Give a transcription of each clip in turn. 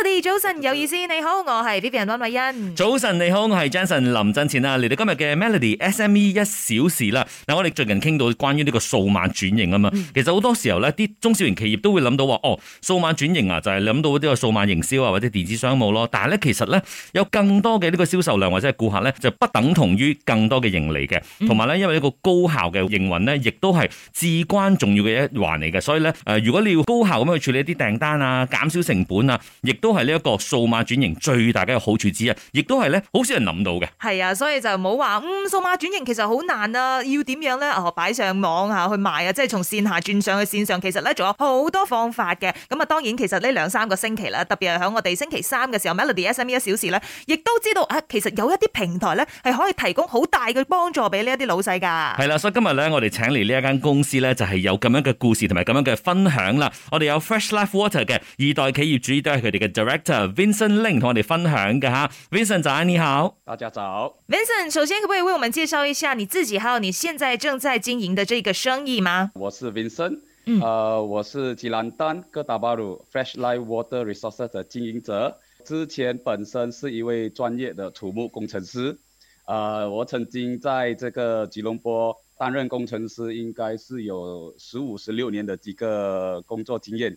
早晨早晨，有意思，你好，我係 Vivian 溫偉恩。早晨你好，我係 Jason 林振前啊，嚟到今日嘅 Melody S M E 一小時啦。嗱，我哋最近傾到關於呢個數碼轉型啊嘛，其實好多時候咧，啲中小型企業都會諗到話，哦，數碼轉型啊，就係、是、諗到呢個數碼營銷啊，或者電子商務咯。但係咧，其實咧有更多嘅呢個銷售量或者係顧客咧，就不等同於更多嘅盈利嘅。同埋咧，因為一個高效嘅營運咧，亦都係至關重要嘅一環嚟嘅。所以咧，誒、呃，如果你要高效咁去處理一啲訂單啊，減少成本啊，亦都都係呢一個數碼轉型最大嘅好處之一，亦都係咧好少人諗到嘅。係啊，所以就唔好話嗯數碼轉型其實好難啊，要點樣咧？哦，擺上網啊，去賣啊，即係從線下轉上去線上，其實咧仲有好多方法嘅。咁啊，當然其實呢兩三個星期啦，特別係喺我哋星期三嘅時候 Melody SME 一小時咧，亦都知道啊，其實有一啲平台咧係可以提供好大嘅幫助俾呢一啲老細㗎。係啦、啊，所以今日咧我哋請嚟呢一間公司咧，就係有咁樣嘅故事同埋咁樣嘅分享啦。我哋有 Fresh Life Water 嘅二代企業主，都係佢哋嘅。Director Vincent Link 同我哋分享嘅哈，Vincent 早安，你好，大家早。Vincent，首先可不可以為我們介紹一下你自己，還有你現在正在經營的這個生意嗎？我是 Vincent，嗯，呃、我是吉蘭丹哥打巴魯 Fresh Life Water Resources 嘅經營者。之前本身是一位專業的土木工程師，啊、呃，我曾經在這個吉隆坡擔任工程師，應該是有十五、十六年的幾個工作經驗。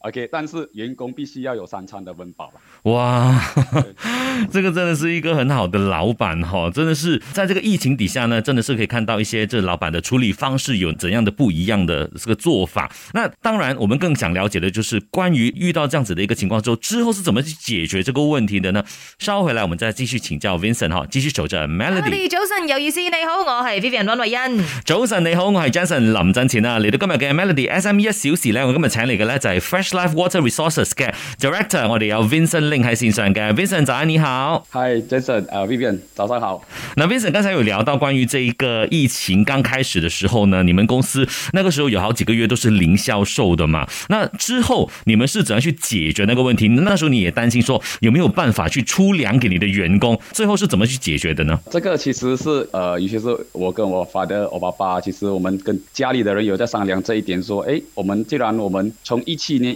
OK，但是員工必須要有三餐的温飽了哇哈哈，這個真的是一個很好的老闆哈，真的是在這個疫情底下呢，真的是可以看到一些這老闆的處理方式有怎樣的不一樣的這個做法。那當然，我們更想了解的就是關於遇到這樣子的一個情況之後，之後是怎麼去解決這個問題的呢？稍後回來，我們再繼續請教 Vincent 哈，繼續守着 Melody。Melody, 早上有意思，你好，我係 Vivian 温慧欣。早晨你好，我係 Jason 林振前啊，嚟到今日嘅 Melody SME 一小時咧，我今日請嚟嘅咧就係 Fresh。Life Water Resources care、okay? director，我哋有 Vincent Link、okay? 喺線上嘅 Vincent，早安你好。Hi Jason，啊、uh, Vivian 早上好。那 Vincent，剛才有聊到關於這一個疫情剛開始的時候呢，你們公司那個時候有好幾個月都是零銷售的嘛？那之後你們是怎樣去解決那個問題？那時候你也擔心說有沒有辦法去出糧給你的員工？最後是怎麼去解決的呢？這個其實是呃，尤其是我跟我 father、我爸爸，其實我們跟家裏的人有在商量這一點，說誒，我們既然我們從一七年。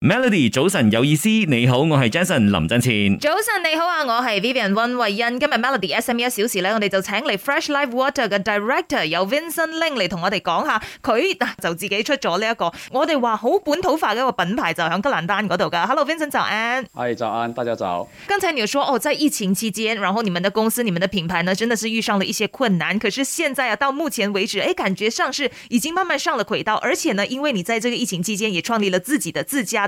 Melody 早晨有意思，你好，我係 Jason 林振前。早晨你好啊，我係 Vivian 溫慧欣。今日 Melody S M E 一小時咧，我哋就請嚟 Fresh Life Water 嘅 Director 由 Vincent Ling 嚟同我哋講下，佢就自己出咗呢一個，我哋話好本土化嘅一個品牌就喺吉蘭丹嗰度噶。Hello Vincent，早安。Hi，早安，大家早。剛才你又說哦，在疫情期間，然後你們的公司、你們的品牌呢，真的是遇上了一些困難。可是現在啊，到目前為止，誒、哎，感覺上是已經慢慢上了軌道。而且呢，因為你在這個疫情期間也創立了自己的自家。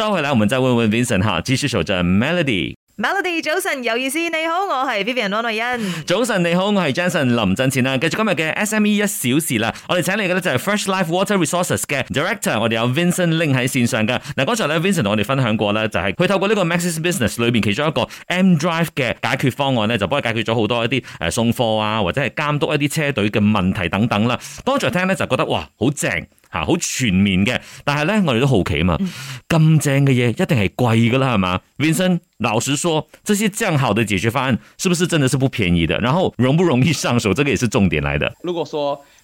收回，我們再問問 Vincent 哈，繼續就係 Melody。Melody 早晨，有意思，你好，我係 Vivian 安麗欣。早晨，你好，我係 Jason 林振前啦。繼續今日嘅 SME 一小時啦，我哋請嚟嘅咧就係 Fresh Life Water Resources 嘅 Director，我哋有 Vincent Link 喺線上噶。嗱，剛才咧 Vincent 同我哋分享過咧，就係、是、佢透過呢個 Maxis Business 裏邊其中一個 M Drive 嘅解決方案咧，就幫佢解決咗好多一啲誒送貨啊或者係監督一啲車隊嘅問題等等啦。當初聽咧就覺得哇好正。啊、好全面嘅，但係呢，我哋都好奇嘛，咁、嗯、正嘅嘢一定係貴噶啦，係嘛？Vincent，老實說，這些這樣好的解決方案，是不是真的是不便宜的？然後容不容易上手，這個也是重點來的。如果說，